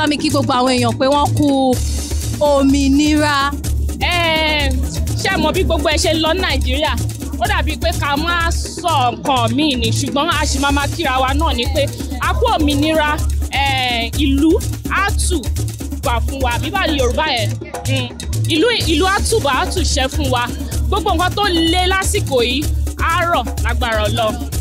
bá mi kí gbogbo àwọn èèyàn pé wọ́n kú òmìnira. ṣé mo bí gbogbo ẹ ṣe ń lọ nàìjíríà ó dàbíi pé ká má sọ nǹkan míì ni ṣùgbọ́n a sì máa máa kíra wa náà ni pé a kú òmìnira ìlú àtù gbà fún wa bíbá yorùbá yẹn hmm, ìlú ìlú àtùbà àtùṣẹ fún wa gbogbo nǹkan tó le lásìkò yìí àárọ̀ lágbára ọlọ́run.